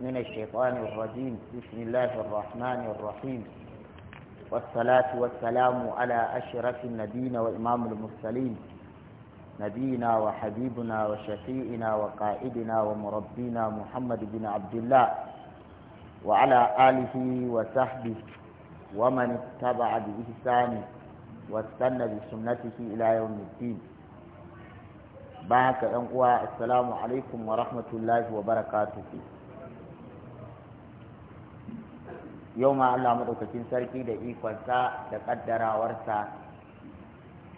من الشيطان الرجيم بسم الله الرحمن الرحيم والصلاة والسلام على أشرف النبيين وإمام المرسلين نبينا وحبيبنا وشفيئنا وقائدنا ومربينا محمد بن عبد الله وعلى آله وصحبه ومن اتبع بإحسانه واستنى بسنته إلى يوم الدين باك أنقوى السلام عليكم ورحمة الله وبركاته yau ma Allah maɗaukakin sarki da ikonsa da ƙaddarawarsa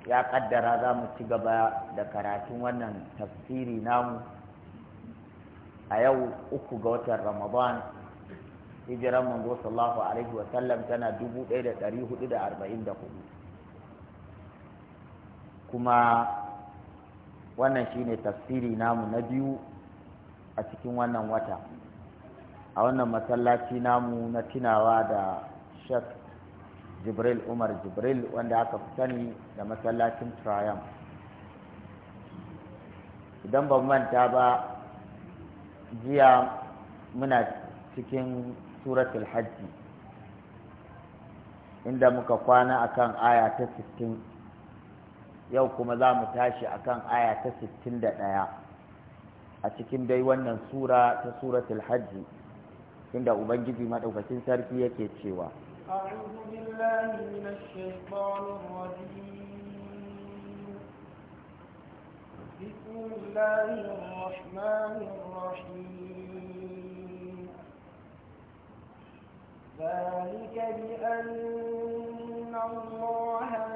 ya ƙaddara za mu ci gaba da karatun wannan tafsiri namu a yau uku ga watan ramadan hijiran manzo sallallahu alaihi wasallam tana dubu ɗaya da ɗari huɗu da arba'in da hudu kuma wannan shine tafsiri namu na biyu a cikin wannan wata a wannan masallaci namu na tunawa da shek jibril umar jibril wanda aka fi sani da masallacin triumf idan ban manta ba jiya muna cikin suratul hajji inda muka kwana akan aya ta 60 yau kuma za mu tashi akan aya ta 61 a cikin dai wannan sura ta suratul hajji tunda ubangiji maɗaukacin sarki yake cewa ذلك بأن الله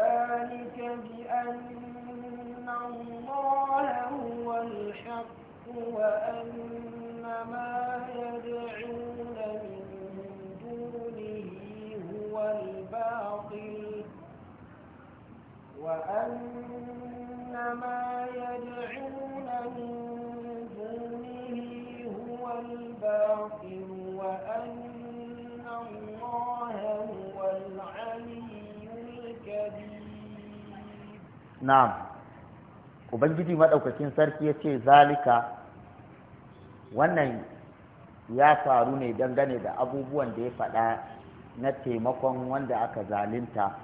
ذلك بأن الله هو الحق وأن ما يدعون من دونه هو الباطل وأن ما يدعون من دونه هو الباطل na'am ubangiji madaukakin sarki ya ce zalika wannan ya faru ne dangane da abubuwan da ya faɗa na taimakon wanda aka zalinta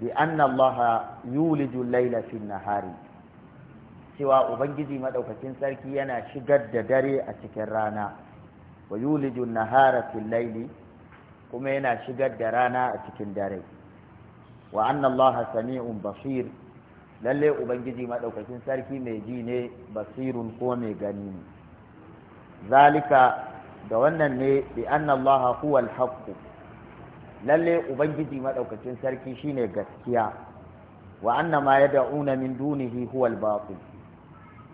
bi anna Allah yuliju laila fi nahari cewa ubangiji madaukakin sarki yana shigar da dare a cikin rana wa yuliju nahara fi laili kuma yana shigar da rana a cikin dare wa anna Allah sami'un basir lalle ubangiji madaukakin sarki mai ji ne basirun ko mai gani ne zalika da wannan ne bi anna huwal haqq lalle ubangiji madaukakin sarki shine gaskiya wa anna ma yad'una min dunihi huwal batil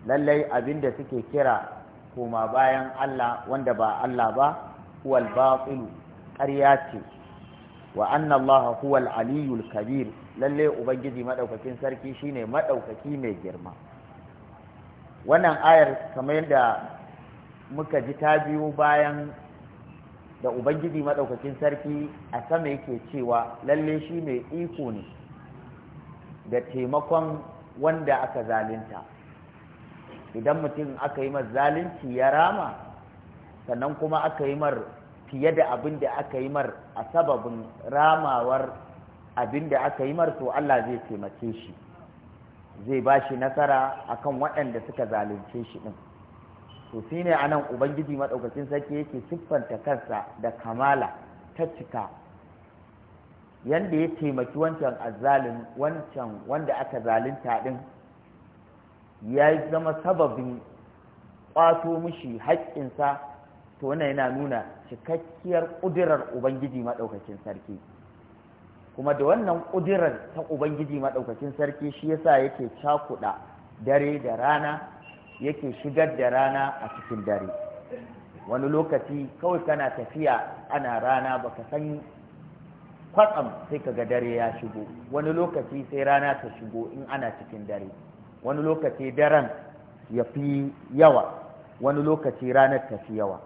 lalle abinda suke kira koma bayan Allah wanda ba Allah ba huwal batil ƙarya ce wa anna Allah huwa aliyul kabir lalle ubangiji madaukakin sarki shine madaukaki mai girma wannan ayar kamar yadda muka ji ta biyu bayan da ubangiji madaukakin sarki a sama yake cewa lalle shi mai iko ne da taimakon wanda aka zalunta idan mutum aka yi mar zalunci ya rama sannan kuma aka yi mar fiye da abin da aka yi mar a sababin ramawar abin da aka yi mar to Allah zai taimake shi zai ba shi nasara akan waɗanda suka zalunce shi ɗin to shi ne anan ubangiji maɗaukacin sarki yake siffanta kansa da kamala ta cika yadda ya taimaki wancan azzalin wancan wanda aka zalunta ɗin ya zama sababin ƙwato mishi haƙƙinsa to wannan yana nuna cikakkiyar ƙudirar ubangiji maɗaukakin sarki kuma da wannan ƙudirar ta ubangiji maɗaukakin sarki shi yasa yake cakuɗa dare da rana yake shigar da rana a cikin dare wani lokaci kawai kana tafiya ana rana baka san kwatsam sai ka ga dare ya shigo wani lokaci sai rana ta shigo in ana cikin dare wani lokaci daren ya fi yawa wani lokaci ranar ta fi yawa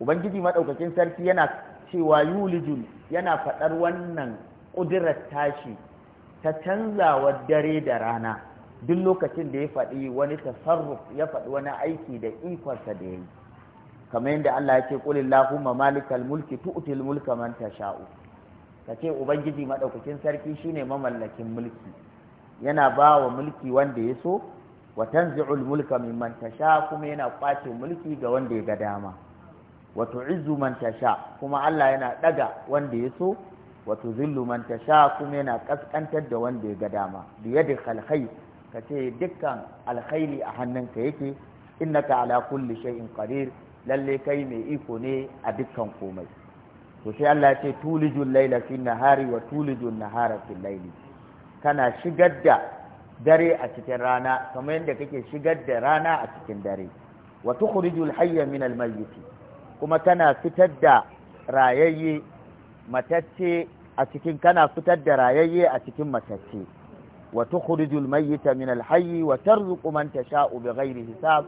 ubangiji maɗaukakin sarki yana cewa yulijul yana faɗar wannan ƙudurar tashi ta canzawa dare da rana duk lokacin da ya faɗi wani tasarruf ya faɗi wani aiki da ikonsa da ya yi kamar yadda Allah ya ce qulillahumma malikal mulki tu'til mulka man tasha'u ce ubangiji maɗaukakin sarki shine mamallakin mulki yana ba wa mulki wanda ya so wa tanzi'ul mulka mimman tasha kuma yana kwace mulki ga wanda ya ga dama wa tu'izzu man tasha kuma Allah yana daga wanda ya so wato zillu man tasha kuma yana kaskantar da wanda ya ga dama bi yadikal khair kace dukkan alkhairi a hannunka yake innaka ala kulli shay'in qadir lalle kai mai iko ne a dukkan komai to sai Allah ya ce tulijul laila fi nahari wa tulijul nahara fi laili kana shigar da dare a cikin rana kamar yadda kake shigar da rana a cikin dare wa tukhrijul hayya min al mayyit kuma kana fitar da rayayye matacce a cikin kana fitar da rayayye a cikin matacce wa tukhrijul mayyita min alhayy wa tarzuqu man tasha'u bighayri hisab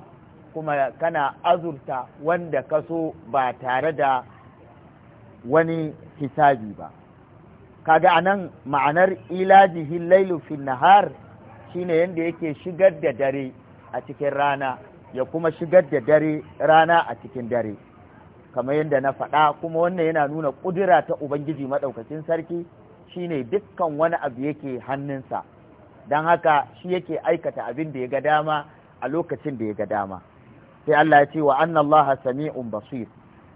kuma kana azurta wanda kaso ba tare da wani hisabi ba kaga anan ma'anar ilajihi laylu fil nahar shine yanda yake shigar da dare a cikin rana ya kuma shigar da dare rana a cikin dare kamar yadda na faɗa kuma wannan yana nuna ƙudura ta ubangiji maɗaukacin sarki shine dukkan wani abu yake hannunsa don haka shi yake aikata abin da ya ga dama a lokacin da ya ga dama sai Allah ya ce wa anna sami'un basir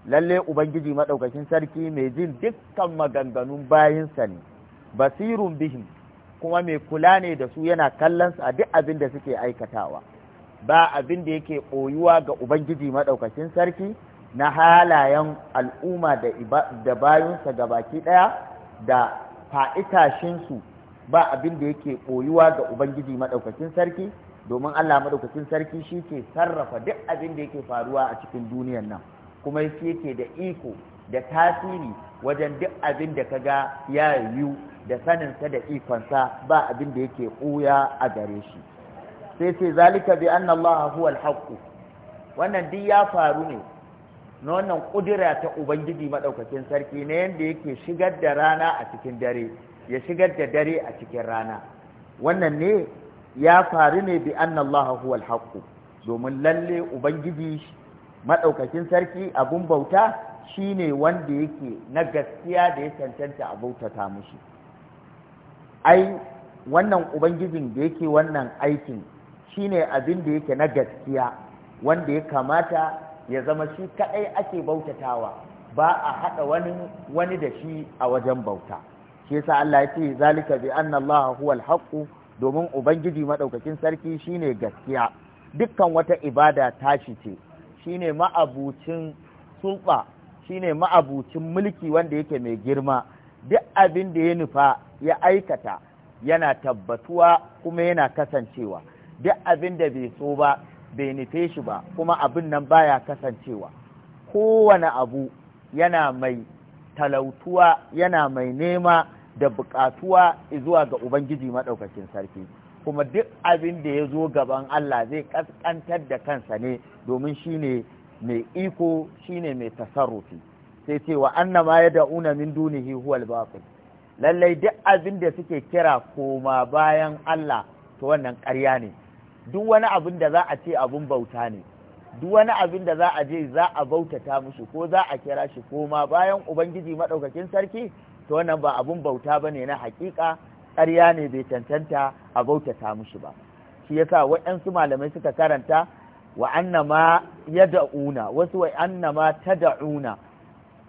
lalle ubangiji maɗaukacin sarki mai jin dukkan maganganun bayinsa ne basirun bihin kuma mai kula ne da su yana kallon su a duk abin da suke aikatawa ba abin da yake ɓoyuwa ga ubangiji maɗaukacin sarki na halayen al'umma da bayunsa ga baki ɗaya da fa'itashinsu ba abin da yake ɓoyuwa ga Ubangiji maɗaukakin sarki domin Allah maɗaukakin sarki shi ke sarrafa duk abin da yake faruwa a cikin duniyan nan kuma shi yake da iko da tasiri wajen duk abin da kaga ya yiwu da saninsa da ikonsa ba abin da yake ɓoya a gare shi sai sai zalika bi annallaha huwal huwa wannan duk ya faru ne na wannan ƙudura ta ubangiji maɗaukakin sarki na yadda yake shigar da rana a cikin dare ya shigar da dare a cikin rana wannan ne ya faru ne bi an Allah huwal haqqu domin lalle ubangiji maɗaukakin sarki abun bauta shine wanda yake na gaskiya da ya cancanta a bautata mushi ai wannan ubangijin da yake wannan aikin shine abin da yake na gaskiya wanda ya kamata ya zama shi kaɗai ake bautatawa ba a haɗa wani wani da shi a wajen bauta shi yasa Allah ya ce zalika bi anna Allah huwal haqq domin ubangiji madaukakin sarki shine gaskiya dukkan wata ibada tashi ce shine ma'abucin sulba shine ma'abucin mulki wanda yake mai girma duk abin da ya nufa ya aikata yana tabbatuwa kuma yana kasancewa duk abin da bai so ba bai nufe shi ba kuma abin nan baya kasancewa kowane abu yana mai talautuwa yana mai nema da buƙatuwa zuwa ga ubangiji maɗaukakin sarki kuma duk abin da ya zo gaban Allah zai ƙasƙantar da kansa ne domin shi ne mai iko shi ne mai tasarrufi sai ce wa nama ya da'una min dunihi huwal batil lallai duk abin da suke kira koma bayan Allah to wannan ƙarya ne duk wani abin da za a ce abin bauta ne duk wani abin da za a je za a bautata musu ko za a kira shi ko ma bayan ubangiji maɗaukakin sarki to wannan ba abin bauta ba ne na haƙiƙa ƙarya ne bai cancanta a bautata musu ba shi yasa waɗansu malamai suka karanta wa annama yad'una wasu wa annama tad'una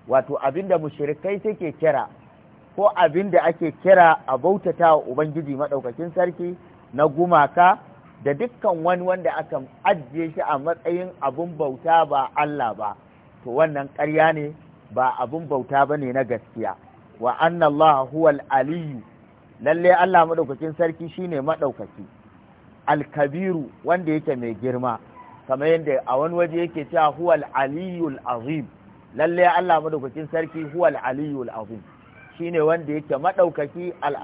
wato abinda mushrikai suke kira ko abin da ake kira a bautata wa ubangiji maɗaukakin sarki na gumaka da dukkan wani wanda aka ajiye shi a matsayin abun bauta ba Allah ba to wannan ƙarya ne ba abin bauta ba ne na gaskiya wa anna Allah huwal aliyu lalle Allah madaukakin sarki shine madaukaki alkabiru wanda yake mai girma kamar yadda a wani waje yake cewa huwal aliyul azim lalle Allah madaukakin sarki huwal aliyul azim shine wanda yake madaukaki al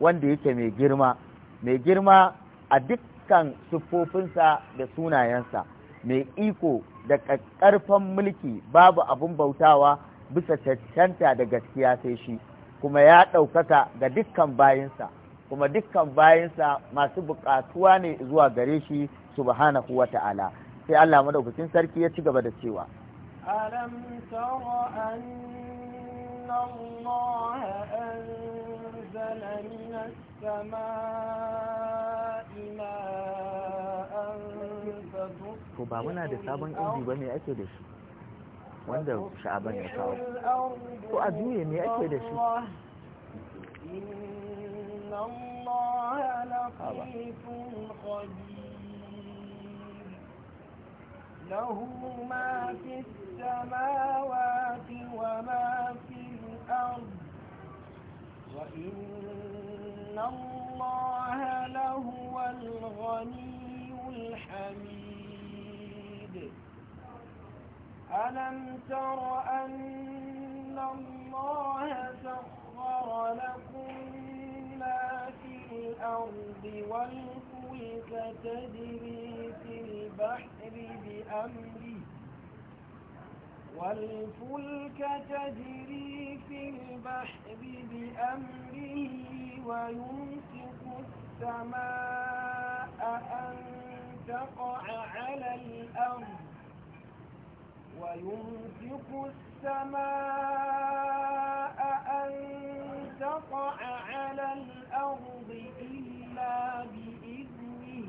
wanda yake mai girma mai girma a duk dukkan siffofinsa da sunayensa mai iko da ƙarfan mulki babu abin bautawa bisa cancanta da gaskiya sai shi kuma ya ɗaukaka ga dukkan bayinsa kuma dukkan bayinsa masu buƙatuwa ne zuwa gare shi subhanahu wa ta'ala sai Allah madaukakin sarki ya ci gaba da cewa alam tara anna أنزل من السماء ماء to ba muna da sabon inji ba ne ake da shi wanda sha'aban ya kawo ko a duniya ne ake da shi Allah وإن الله لهو الغني الحميد ألم تر أن الله سخر لكم ما في الأرض والفلك تجري في البحر بأمره والفلك تجري في البحر بأمره ويمسك السماء أن تقع على الأرض ويمسك السماء أن تقع على الأرض إلا بإذنه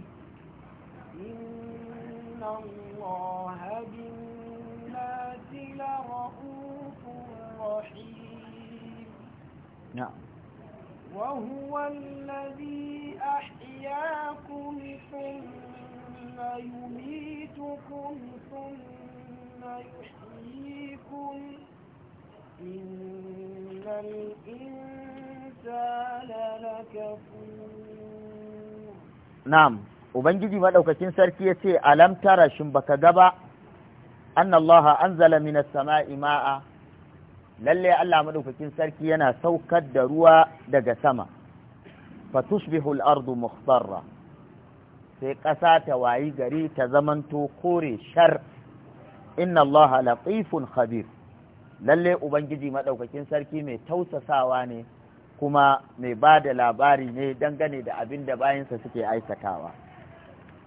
إن الله بإذنه لرؤوف رحيم نعم وهو الذي أحياكم ثم يميتكم ثم يحييكم إن الإنسان لكفور نعم Ubangiji maɗaukakin sarki ya ce, Alam tara ba baka gaba anna Allah anzala minas sama'i ma'a lalle Allah madaukakin sarki yana saukar da ruwa daga sama fatusbihu al-ardu mukhtarra sai ƙasa ta wayi gari ta zamanto kore shar inna Allah latifun khabir lalle ubangiji madaukakin sarki mai tausasawa ne kuma mai ba da labari ne dangane da abin da bayansa suke aikatawa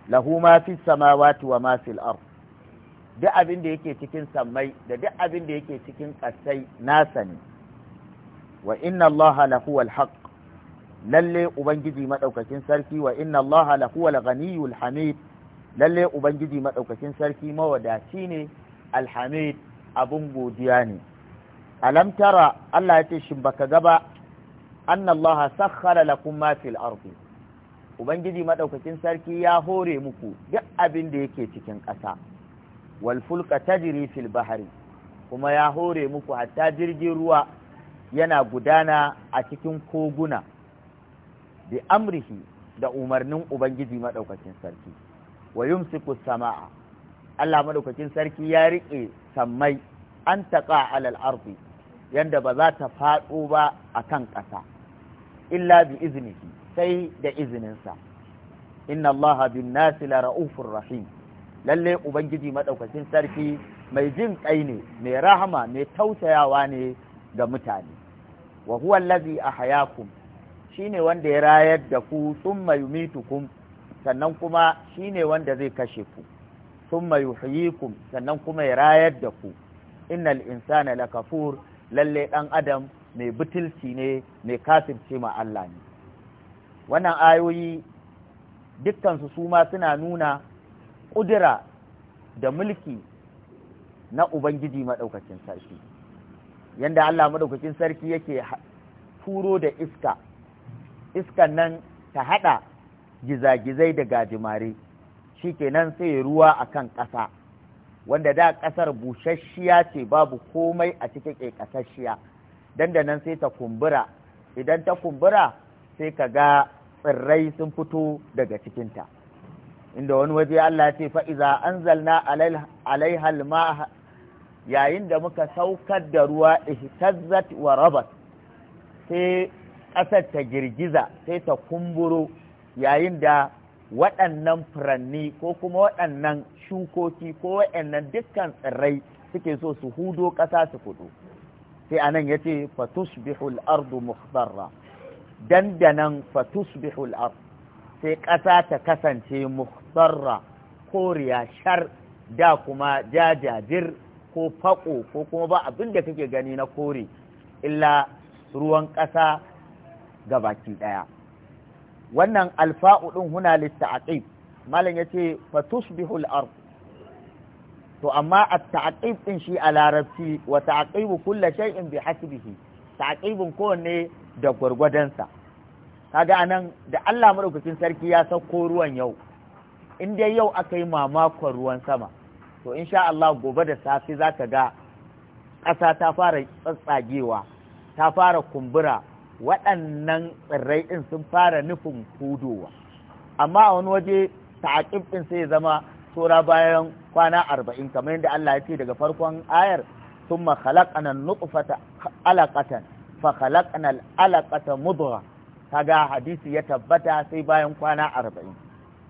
lahu ma fi samawati wa ma fil ardh duk abin da yake cikin sammai da duk abin da yake cikin ƙasai nasa ne wa inna allaha lahuwal haq lalle ubangiji madaukakin sarki wa inna allaha lahuwal ghaniyul hamid lalle ubangiji madaukakin sarki mawadaci ne alhamid abun godiya ne alam tara Allah ya ce shin baka gaba anna allaha sakhkhara lakum ma fil ardi ubangiji madaukakin sarki ya hore muku duk abin da yake cikin ƙasa Walfulka ta fil bahri kuma ya hore muku hatta jirgin ruwa yana gudana a cikin koguna bi amrihi da umarnin ubangiji madaukakin sarki wa yumsiku sama'a Allah madaukakin sarki ya riƙe sammai an taƙa alal ardi yadda ba za ta faɗo ba a kan ƙasa illa bi iznihi sai da izininsa inna allaha bin nasi la ra'ufur rahim lalle ubangiji madaukakin sarki mai jin kai ne mai rahama mai tausayawa ne ga mutane wa huwa allazi ahyakum shine wanda ya rayar da ku thumma yumitukum sannan kuma shine wanda zai kashe ku thumma yuhyikum sannan kuma ya rayar da ku innal insana lakafur lalle dan adam mai butulci ne mai kafirce ma Allah ne wannan ayoyi dukkansu su ma suna nuna ƙudura da mulki na Ubangiji maɗaukacin sarki yadda Allah maɗaukacin sarki yake turo da iska iskan nan ta haɗa gizagizai da gajimare shi kenan sai ruwa a kan ƙasa wanda da ƙasar busasshiya ce babu komai a cikin da nan sai ta kumbura idan ta kumbura sai ka ga tsirrai sun fito daga cikinta inda wani waje Allah ce fa'iza an zalna alaihal yayin da muka saukar da ruwa ihtazzat wa rabat sai ƙasar ta girgiza sai ta kumburo yayin da waɗannan furanni ko kuma waɗannan shukoki ko waɗannan dukkan tsirrai suke so su hudo ƙasa su kudu sai anan ya ce fatusbihul ardu muhtarra dandanan fatusbihul ardu sai ƙasa ta kasance muhtarra koriya shar da kuma jajajir ko faƙo ko kuma ba abin da kake gani na kore illa ruwan ƙasa ga baki ɗaya wannan alfa'u ɗin huna litta'aqib malam yace fa tusbihul ard to amma a ta'aƙib din shi a larabci wa ta'qibu kulla shay'in bi hasbihi ta'qibun kowanne da gwargwadonsa kaga anan da Allah madaukakin sarki ya sauko ruwan yau in dai yau aka yi mamakon ruwan sama to insha Allah gobe da safe za ka ga ƙasa ta fara tsatsagewa ta fara kumbura waɗannan tsirrai ɗin sun fara nufin hudowa amma a wani waje ta'aƙib ɗin sai ya zama tsora bayan kwana arba'in kamar yadda Allah ya ce daga farkon ayar sun makhalakanan nutfata alaƙatan fa khalaqana alaqata kaga hadisi ya tabbata sai bayan kwana arba'in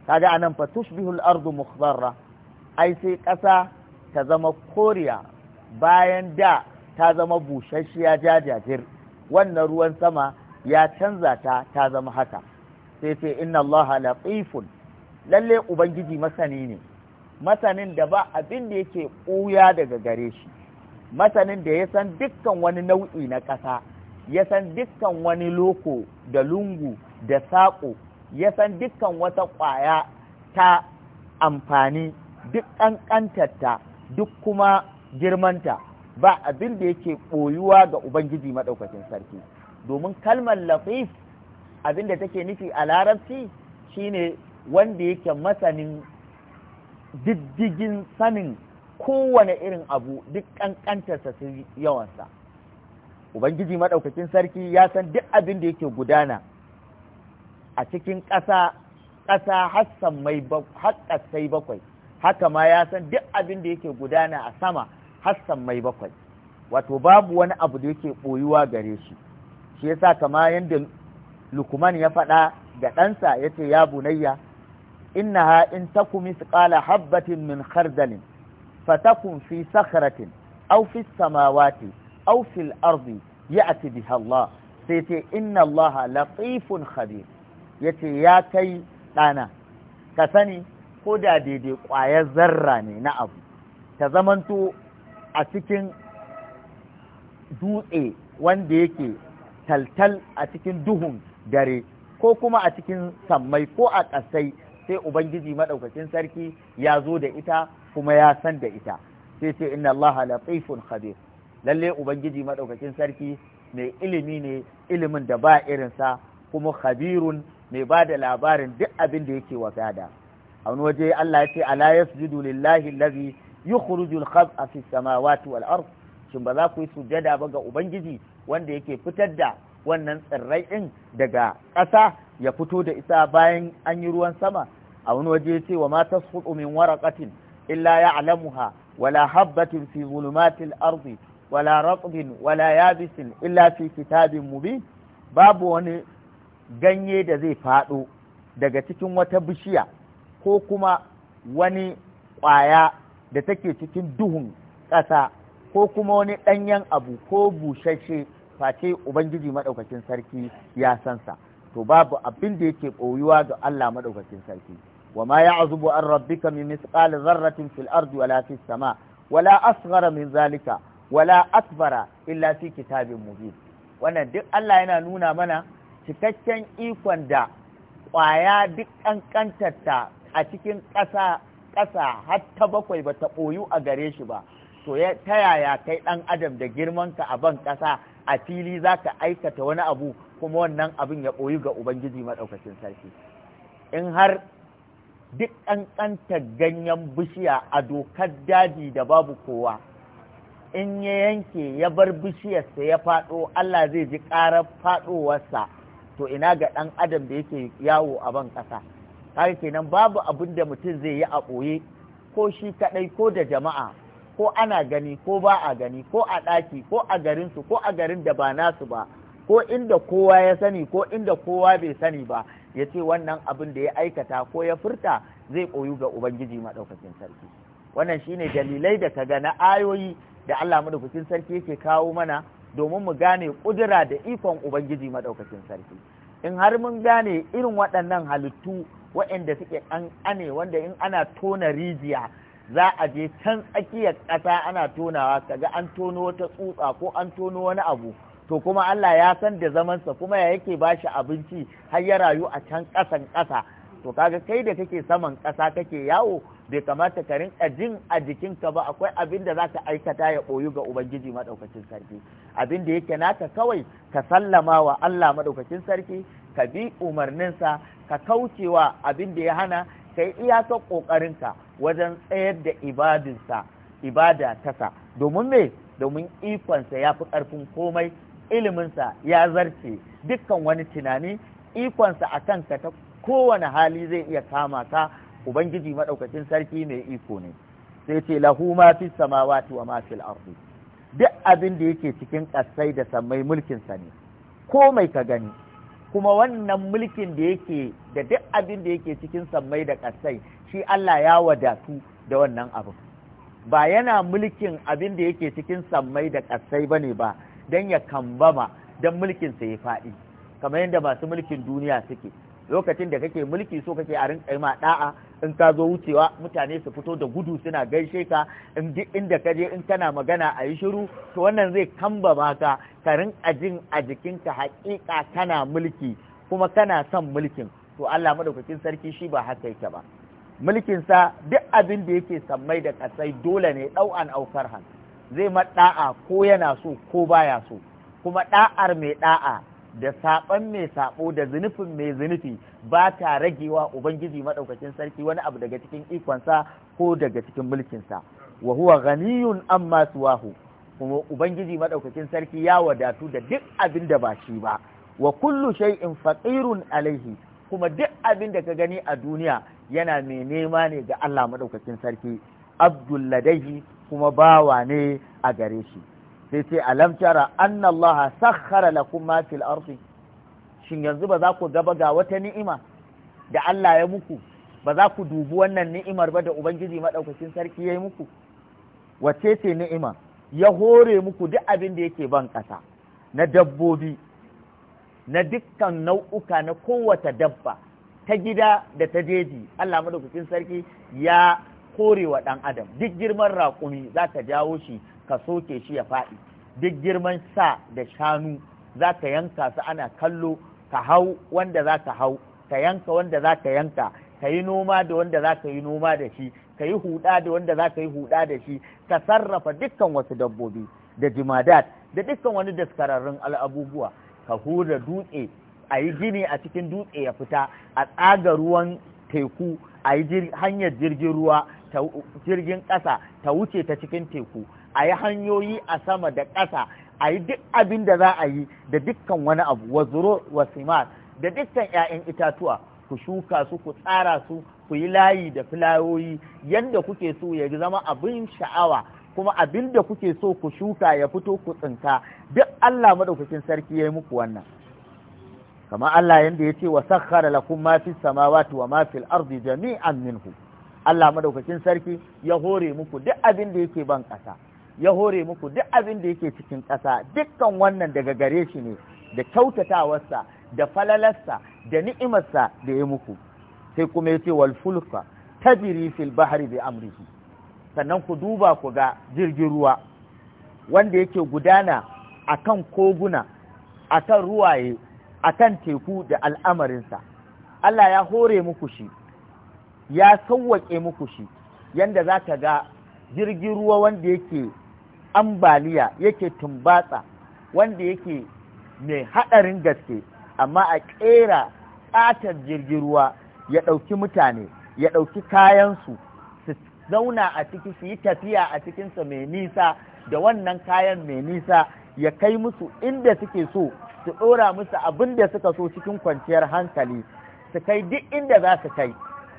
kaga anan fa tushbihul ardu mukhdarra ai sai ƙasa ta zama koriya bayan da ta zama busasshiya jajajir wannan ruwan sama ya canza ta ta zama haka sai sai inna allaha latifun lalle ubangiji masani ne masanin da ba abin da yake ɓuya daga gare shi masanin da ya san dukkan wani nau'i na ƙasa ya san dukkan wani loko da lungu da saƙo ya san dukkan wata ƙwaya ta amfani duk ƙanƙantarta duk kuma girmanta ba abin da yake ɓoyuwa ga Ubangiji maɗaukacin sarki domin kalmar lafif abin da take nufi a larabci shine wanda yake masanin diddigin sanin kowane irin abu duk ƙanƙantarsa sun yawansa ubangiji maɗaukakin sarki ya san duk abin da yake gudana a cikin ƙasa ƙasa hassan mai sai bakwai haka ma ya san duk abin da yake gudana a sama hassan mai bakwai wato babu wani abu da yake ɓoyuwa gare shi shi yasa kama yadda lukuman ya faɗa ga ɗansa ya ce ya bunayya ha in taku misqala habbatin min khardalin fatakun fi sakhratin au fi samawati Aufil arzi ya ya'ti biha Allah sai ce inna Allah latifun khabir yace ya kai ɗana ka sani ko da daidai ƙwayar zarra ne na abu ta zamanto a cikin dutse wanda yake taltal a cikin duhun dare ko kuma a cikin sammai ko a ƙasai sai ubangiji maɗaukacin sarki ya zo da ita kuma ya san da ita sai ce inna allaha latifun khabir lalle ubangiji madaukakin sarki mai ilimi ne ilimin da ba irin sa kuma khabirun mai ba da labarin duk abin da yake gada a wani waje Allah ya ce ala yasjudu lillahi allazi yukhrijul khab'a fi samawati wal ard shin ba za ku yi sujada ba ga ubangiji wanda yake fitar da wannan tsirrai din daga ƙasa ya fito da isa bayan an yi ruwan sama a wani waje ya ce wa ma tasfudu min waraqatin illa ya'lamuha wala habatin fi zulumatil ardi wala ratbin wala yabisin illa fi kitabin mubin babu wani ganye da zai faɗo daga cikin wata bishiya ko kuma wani ƙwaya da take cikin duhun ƙasa ko kuma wani ɗanyen abu ko bushashe face ubangiji maɗaukakin sarki ya sansa to babu abin da yake ɓoyuwa ga Allah maɗaukakin sarki wa ma ya azubu an rabbika min misqal zarratin fil ardi wala fis sama wala asghara min zalika wala akbara illa fi kitabin mubin wannan duk Allah yana nuna mana cikakken ikon da ƙwaya duk ƙanƙantarta a cikin ƙasa ƙasa har ta bakwai ba ta ɓoyu a gare shi ba to ta yaya kai ɗan adam da girmanka a ban ƙasa a fili za ka aikata wani abu kuma wannan abin ya ɓoyu ga ubangiji maɗaukacin sarki in har duk ƙanƙantar ganyen bishiya a dokar daji da babu kowa in ya yanke ya bar bishiyarsa ya faɗo Allah zai ji karar faɗowarsa to ina ga ɗan adam da yake yawo a ban ƙasa kaga kenan babu abin da mutum zai yi a ɓoye ko shi kaɗai ko da jama'a ko ana gani ko ba a gani ko a ɗaki ko a garinsu ko a garin da ba nasu ba ko inda kowa ya sani ko inda kowa bai sani ba ya ce wannan abin da ya aikata ko ya furta zai koyu ga ubangiji maɗaukakin sarki wannan shine dalilai da ka na ayoyi da Allah madaukakin sarki yake kawo mana domin mu gane kudura da ikon ubangiji madaukakin sarki in har mun gane irin waɗannan halittu waɗanda suke ƙanƙane wanda in ana tona rijiya za a je can tsakiyar ƙasa ana tonawa kaga an tono wata tsutsa ko an tono wani abu to kuma Allah ya san da zamansa kuma ya yake ba shi abinci har ya rayu a can ƙasan ƙasa to kaga kai da kake saman ƙasa kake yawo bai kamata ka rinka jin a jikinka ba akwai abin da za ka aikata ya ɓoyu ga ubangiji maɗaukacin sarki abin da yake naka kawai ka sallama wa Allah maɗaukacin sarki ka bi umarninsa ka kaucewa abin da ya hana ka yi iyakar ƙoƙarinka wajen tsayar da ibadinsa ibada tasa domin me domin ikonsa ya fi ƙarfin komai iliminsa ya zarce dukkan wani tunani ikonsa a kanka ta kowane hali zai iya kama ka ubangiji maɗaukacin sarki mai iko ne sai ce lahu ma fi samawati wa ma fil ardi duk abin da yake cikin kasai da sammai mulkin sa ne ko mai ka gani kuma wannan mulkin da yake da duk abin da yake cikin sammai da kasai shi Allah ya wadatu da wannan abu ba yana mulkin abin da yake cikin sammai da kasai bane ba dan ya kambama dan mulkin sa ya faɗi kamar yadda masu mulkin duniya suke lokacin da kake mulki so kake a rinka ma da'a in ka zo wucewa mutane su fito da gudu suna gaishe ka in duk inda ka je in kana magana a yi shiru to wannan zai kamba maka ka rinka jin a jikinka haƙiƙa kana mulki kuma kana son mulkin to Allah madaukakin sarki shi ba haka yake ba mulkin sa duk abin da yake sammai da kasai dole ne an aukar han zai ma da'a ko yana so ko baya so kuma da'ar mai da'a da saɓan mai saɓo da zunufin mai zunufi ba ta ragewa ubangiji maɗaukacin sarki wani abu daga cikin ikonsa ko daga cikin mulkinsa wa huwa ghaniyun amma suwahu kuma ubangiji maɗaukacin sarki ya wadatu da duk abin da ba shi ba wa kullu shay'in faqirun alaihi kuma duk abin da ka gani a duniya yana mai nema ne ga Allah maɗaukacin sarki abdulladaihi kuma bawa ne a gare shi sai ce alam annallaha sakhara lakum ma fil ardi shin yanzu ba za ku gaba ga wata ni'ima da Allah ya muku ba za ku dubi wannan ni'imar ba da ubangiji madaukakin sarki ya yi muku wace ce ni'ima ya hore muku duk abin da yake ban ƙasa na dabbobi na dukkan nau'uka na kowace dabba ta gida da ta jeji Allah madaukakin sarki ya kore wa ɗan adam duk girman raƙumi za ta jawo shi ka soke shi ya faɗi duk girman sa da shanu za ka yanka su ana kallo ka hau wanda za ka hau ka yanka wanda za ka yanka ka yi noma da wanda za ka yi noma da shi ka yi huɗa da wanda za ka yi huɗa da shi ka sarrafa dukkan wasu dabbobi da jimadat da dukkan wani daskararrun al'abubuwa ka hura dutse a yi gini a cikin dutse ya fita a tsaga ruwan teku a yi hanyar jirgin ruwa jirgin ƙasa ta wuce ta cikin teku a yi hanyoyi a sama da ƙasa a yi duk abin da za a yi da dukkan wani abu wa zuro wa simar da dukkan 'ya'yan itatuwa ku shuka su ku tsara su ku yi layi da filayoyi yadda kuke so ya zama abin sha'awa kuma abin da kuke so ku shuka ya fito ku tsinka duk Allah madaukakin sarki ya yi muku wannan kama Allah yanda ya ce wa sakhara lakum ma fi samawati wa ma fil ardi jami'an minhu Allah madaukakin sarki ya hore muku duk abin da yake ban ƙasa ya hore muku duk abin da yake cikin ƙasa dukkan wannan daga gare shi ne da kyautatawarsa da falalarsa da ni'imarsa da ya muku sai kuma ya ce wal fulka tajri fil bahri bi amrihi sannan ku duba ku ga jirgin ruwa wanda yake gudana akan koguna akan ruwaye akan teku da al'amarinsa Allah ya hore muku shi ya sauwaƙe muku shi yanda za ka ga jirgin ruwa wanda yake ambaliya yake tumbatsa wanda yake mai haɗarin gaske amma a ƙera ƙatar jirgin ruwa ya ɗauki mutane ya ɗauki kayansu su zauna a ciki su yi tafiya a cikinsa mai nisa da wannan kayan mai nisa ya kai musu inda suke so su ɗora musu abin da suka so cikin kwanciyar hankali su kai duk inda za su kai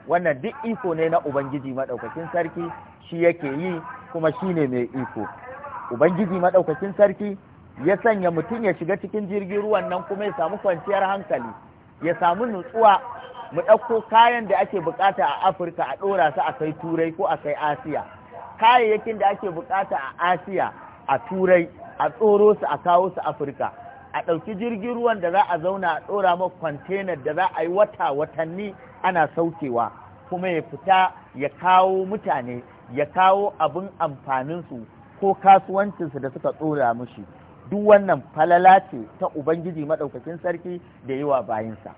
wannan duk iko ne na ubangiji maɗaukakin sarki shi yake yi kuma shi ne mai iko ubangiji maɗaukacin sarki ya sanya mutum ya shiga cikin jirgin ruwan nan kuma ya samu kwanciyar hankali ya samu nutsuwa mu ɗauko kayan da ake bukata a afirka a ɗora su a kai turai ko a kai asiya kayayyakin da ake bukata a asiya a turai a tsoro su a kawo su afirka a ɗauki jirgin ruwan da za a zauna a ɗora ma kwantenar da za a yi wata watanni ana saukewa kuma ya fita ya kawo mutane ya kawo abin amfaninsu ko kasuwancinsu da suka tsora mushi duk wannan falala ce ta ubangiji maɗaukakin sarki da yi wa bayinsa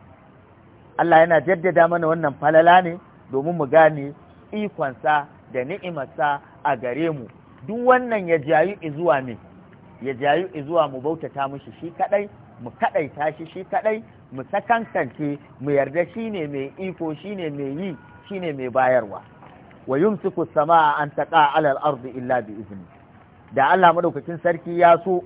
Allah yana jaddada mana wannan falala ne domin mu gane ikonsa da ni'imarsa a gare mu duk wannan ya jayu izuwa ne ya jayu izuwa mu bautata mushi shi kaɗai, mu kaɗaita shi shi kaɗai mu sakankance mu yarda shi ne mai iko shi ne mai yi shi ne mai bayarwa wa yumsiku sama an taqa alal ardi illa bi izni da Allah madaukakin sarki ya so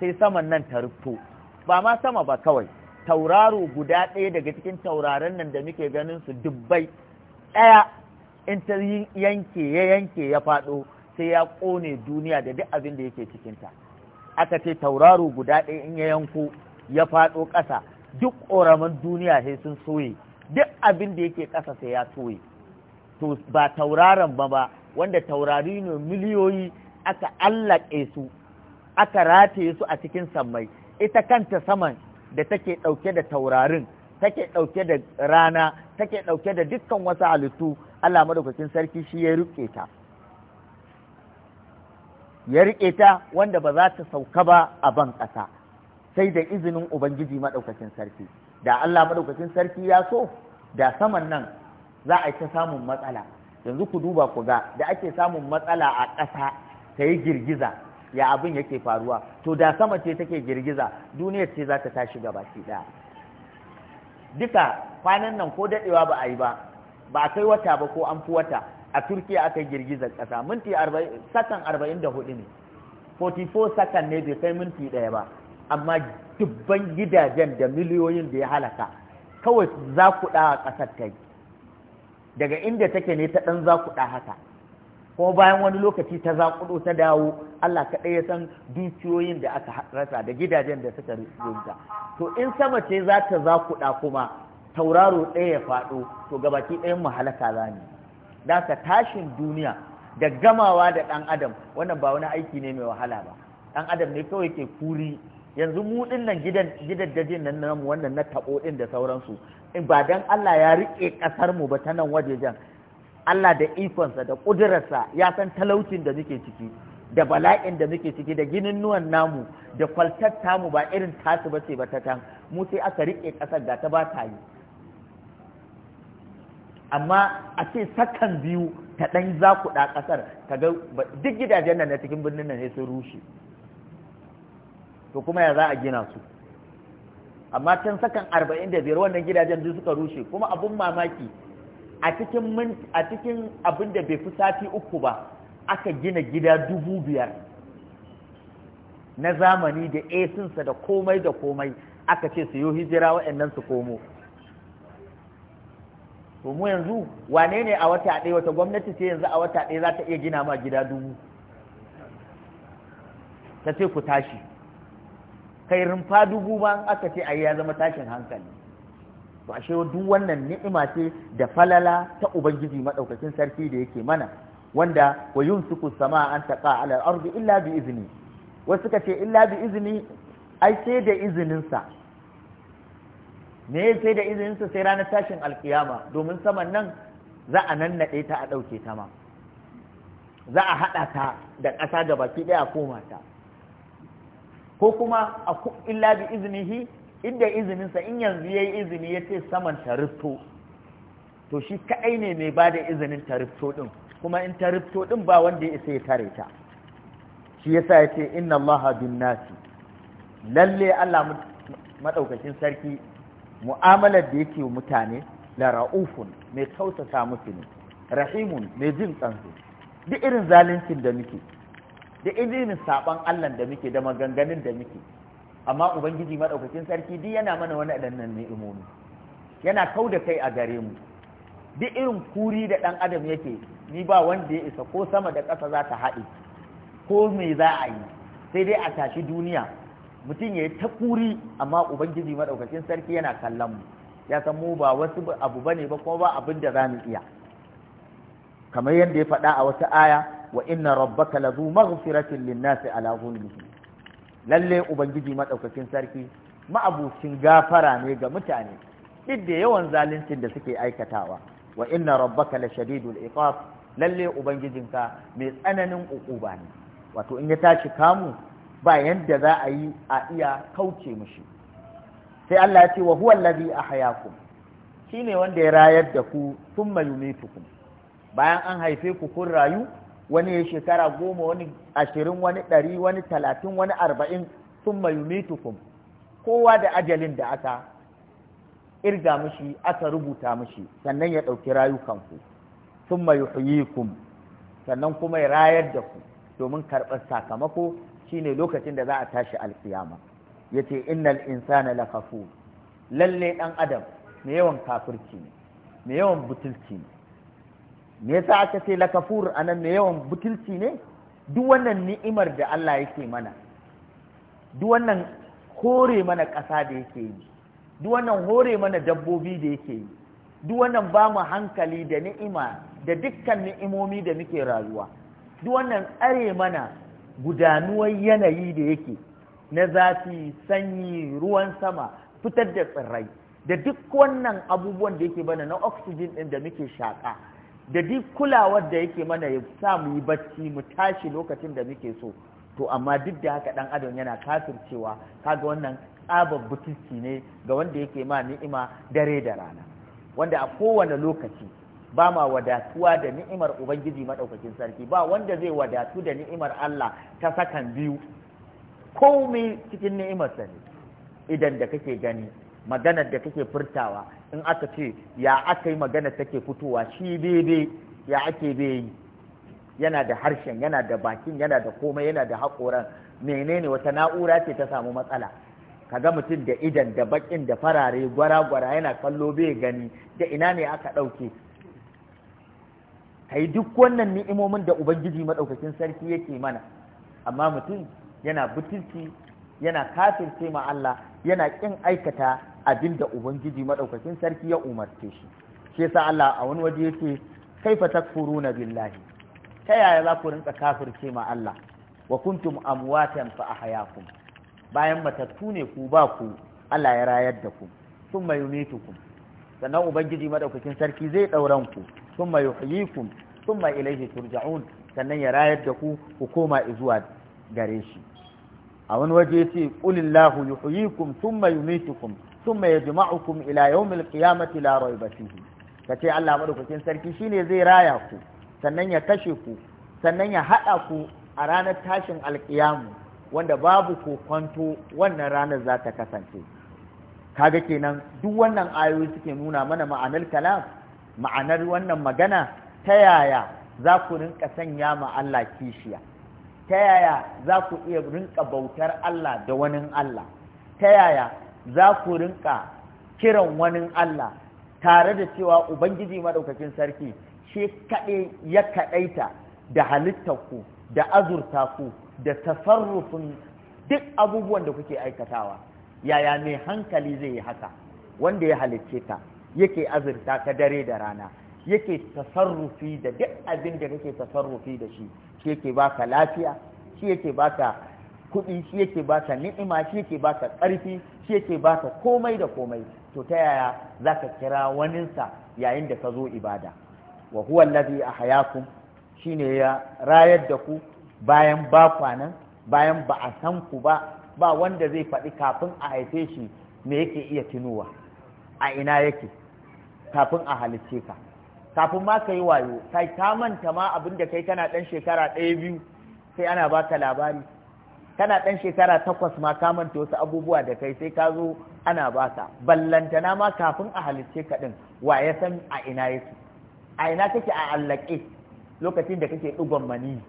sai saman nan ta rufto ba ma sama ba kawai tauraro guda ɗaya daga cikin tauraron nan da muke ganin su dubbai ɗaya in ta yanke ya yanke ya faɗo sai ya ƙone duniya da duk abin da yake cikinta aka ce tauraro guda ɗaya in ya yanko ya faɗo ƙasa duk ƙoraman duniya sai sun soye duk abin da yake ƙasa sai ya soye to ba tauraron ba ba wanda taurari ne miliyoyi aka allaƙe su aka rataye su a cikin sammai ita kanta saman da take ɗauke da taurarin take ɗauke da rana take ɗauke da dukkan wasu halittu Allah madaukakin sarki shi ya riƙe ta ya riƙe ta wanda ba za ta sauka ba a ban ƙasa sai da izinin ubangiji madaukakin sarki da Allah madaukakin sarki ya so da saman nan za a yi ta samun matsala yanzu ku duba ku ga da ake samun matsala a ƙasa ta yi girgiza ya abin yake faruwa to da sama ce take girgiza duniyar ce za ta tashi gaba ki ɗaya duka kwanan nan ko daɗewa ba a yi ba ba a kai wata ba ko an fi wata a turkiya aka yi girgizar ƙasa minti sakan arba'in ne 44 sakan ne bai kai minti ɗaya ba amma dubban gidajen da miliyoyin da ya halaka kawai za ku da kasar ƙasar ta yi daga inda take ne ta ɗan za ku da haka kuma bayan wani lokaci ta zakudo ta dawo Allah kaɗai ya san dukiyoyin da aka rasa da gidajen da suka rinta to in sama ce za ta zakuɗa kuma tauraro ɗaya ya faɗo to gabaki ɗayan mu halaka za ne da ka tashin duniya da gamawa da ɗan adam wannan ba wani aiki ne mai wahala ba ɗan adam ne kawai ke kuri yanzu mu ɗin nan gidan nan namu wannan na taɓo ɗin da sauransu in ba dan Allah ya riƙe ƙasar mu ba ta nan wajejen Allah da ikonsa da ƙudurarsa ya san talaucin da muke ciki da bala'in da muke ciki da ginin nuwan namu da kwaltar tamu ba irin tasu ba ce ba ta can mu sai aka riƙe ƙasar da ta ba ta yi amma a ce sakan biyu ta ɗan ɗa ƙasar ta ga duk gidajen nan na cikin birnin nan sun rushe to kuma ya za a gina su amma can sakan arba'in da biyar wannan gidajen duk suka rushe kuma abun mamaki a cikin a cikin abin da bai fi sati uku ba aka gina gida dubu biyar na zamani da esinsa da komai da komai aka ce su yi hijira waɗannan su komo to mu yanzu wane ne a wata ɗaya wata gwamnati ce yanzu a wata ɗaya za ta iya gina ma gida dubu ta ce ku tashi kai rumfa dubu ba aka ce yi ya zama tashin hankali to ashe duk wannan ni'ima ce da falala ta ubangiji madaukakin sarki da yake mana wanda wa yumsiku samaa an taqa ala al-ardi illa bi izni wasu suka ce illa bi izni ai sai da izinin sa me sai da izinin sa sai ranar tashin alkiyama domin saman nan za a nannade ta a dauke ta ma za a hada ta da kasa ƙasa gabaki daya a koma ta ko kuma a illa bi iznihi inda izininsa in yanzu ya yi izini ya ce saman tarifto to shi kaɗai ne mai ba da izinin tarifto ɗin kuma in tarifto ɗin ba wanda ya isa ya tare ta shi yasa ya ce inna allaha bin nasi lalle allah madaukakin sarki mu'amalar da yake mutane la ra'ufun mai tausasa musu ne rahimun mai jin tsansu duk irin zaluncin da muke da irin saɓan allah da muke da maganganun da muke amma ubangiji madaukakin sarki duk yana mana wani ne ni'imomi yana kau da kai a gare mu duk irin kuri da dan adam yake ni ba wanda ya isa ko sama da ƙasa za ta haɗe ko me za a yi sai dai a tashi duniya mutum ya yi ta kuri amma ubangiji madaukakin sarki yana kallon mu ya san mu ba wasu abu bane ba kuma ba abin da za iya kamar yadda ya faɗa a wata aya wa inna rabbaka lazu maghfiratin lin-nasi ala zulmihim lalle ubangiji madaukakin sarki ma'abucin gafara ne ga mutane duk da yawan zaluncin da suke aikatawa wa inna rabbaka la shadidul iqab lalle ubangijinka mai tsananin ukuba ne wato in ya tashi kamu ba yanda za a yi a iya kauce mishi sai Allah ya ce wa huwa allazi Shi shine wanda ya rayar da ku thumma yumitukum bayan an haife ku kun rayu wani ya shekara goma wani ashirin wani ɗari wani talatin wani arba'in sun yumitukum kowa da ajalin da aka irga mishi aka rubuta mishi sannan ya ɗauki rayukanku sun yuhyikum sannan kuma ya rayar da ku domin karɓar sakamako shine lokacin da za a tashi alkiyama ya ce innal insana la lalle ɗan adam mai yawan kafirci mai yawan butulci ne me yasa aka ce la kafur anan ne yawan butulci ne duk wannan ni'imar da Allah yake mana duk wannan hore mana ƙasa da yake yi duk wannan hore mana dabbobi da yake yi duk wannan ba mu hankali da ni'ima da dukkan ni'imomi da muke rayuwa duk wannan tsare mana gudanuwar yanayi da yake na zafi sanyi ruwan sama fitar da tsirrai da duk wannan abubuwan da yake bana na oxygen ɗin da muke shaƙa da duk kulawar da yake mana ya sa mu yi bacci mu tashi lokacin da muke so to amma duk da haka dan adam yana kafircewa kaga wannan tsabar butiki ne ga wanda yake ma ni'ima dare da rana wanda a kowane lokaci ba ma wadatuwa da ni'imar ubangiji madaukakin sarki ba wanda zai wadatu da ni'imar Allah ta sakan biyu komai cikin ni'imar sa ne idan da kake gani maganar da kake furtawa in aka ce ya aka yi magana take fitowa shi daidai ya ake yi yana da harshen yana da bakin yana da komai yana da haƙoran menene wata na'ura ce ta samu matsala kaga mutum da idan da bakin da farare gwara-gwara yana kallo bai gani da ina ne aka ɗauke kai duk wannan ni'imomin da ubangiji maɗaukakin sarki yake mana amma mutum yana butulci yana kafirce ma Allah yana ƙin aikata abin da ubangiji madaukakin sarki ya umarce shi shi yasa Allah a wani waje yake kaifa takfuruna billahi ta yaya za ku rinka kafirce ma Allah wa kuntum amwatan fa ahyakum bayan matattu ne ku ba ku Allah ya rayar da ku thumma yumitukum sannan ubangiji madaukakin sarki zai dauran ku thumma yuhyikum thumma ilayhi turja'un sannan ya rayar da ku ku koma zuwa gare shi a wani waje yace qulillahu yuhyikum thumma yumitukum thumma yajma'ukum ila yawmil qiyamati la rayba fihi kace Allah madaukakin sarki shine zai raya ku sannan ya kashe ku sannan ya haɗa ku a ranar tashin alƙiyamu wanda babu kokonto wannan ranar za ta kasance kaga kenan duk wannan ayoyi suke nuna mana ma'anar kalam ma'anar wannan magana ta yaya za ku rinka sanya ma Allah kishiya ta yaya za ku iya rinka bautar Allah da wani Allah ta yaya za ku rinka kiran wani Allah tare da cewa Ubangiji maɗaukakin sarki shi kaɗai ya kaɗaita da halittarku da azurta ku da tasarrufin duk abubuwan da kuke aikatawa yaya mai hankali zai yi haka wanda ya halicce ka yake azurta ka dare da rana yake tasarrufi da duk abin da kake tasarrufi da shi shi yake baka lafiya shi yake baka kuɗi shi yake baka ni'ima shi yake baka ƙarfi shi yake baka komai da komai to ta yaya za ka kira waninsa yayin da ka zo ibada wa huwa allazi ahyaakum shine ya rayar da ku bayan ba kwanan bayan ba a san ku ba ba wanda zai faɗi kafin a haife shi me yake iya tunuwa a ina yake kafin a halicce ka kafin ma ka yi wayo kai ka manta ma abin kai kana ɗan shekara ɗaya biyu sai ana baka labari kana ɗan shekara takwas ma ka manta wasu abubuwa da kai sai ka zo ana baka ballantana ma kafin a halicce ka ɗin wa ya san a ina yake a ina kake a allake lokacin da kake ɗigon mani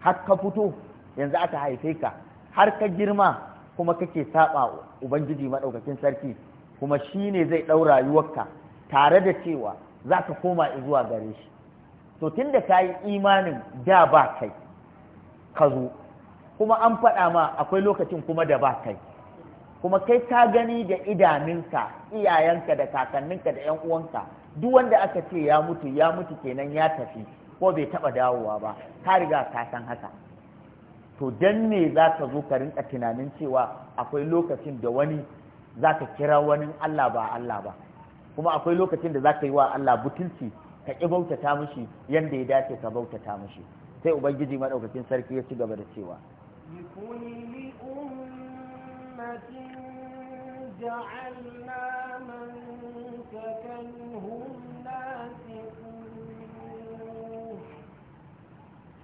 har ka fito yanzu aka haife ka har ka girma kuma kake saba ubangiji maɗaukakin sarki kuma shi ne zai ɗau rayuwarka tare da cewa za ka koma zuwa gare shi to tun da ka yi imanin da ba kai ka zo kuma an faɗa ma akwai lokacin kuma da ba kai kuma kai ka gani da idaninka iyayenka da kakanninka da 'yan uwanka duk wanda aka ce ya mutu ya mutu kenan ya tafi ko bai taba dawowa ba ka riga ka san haka to dan ne za ka zo ka rinka tunanin cewa akwai lokacin da wani za ka kira wani Allah ba Allah ba kuma akwai lokacin da za ka yi wa Allah butulci ka ƙi bautata mishi yanda ya dace ka bautata mishi sai ubangiji maɗaukakin sarki ya ci gaba da cewa لكل أمة جعلنا منسكا هم ناسكوه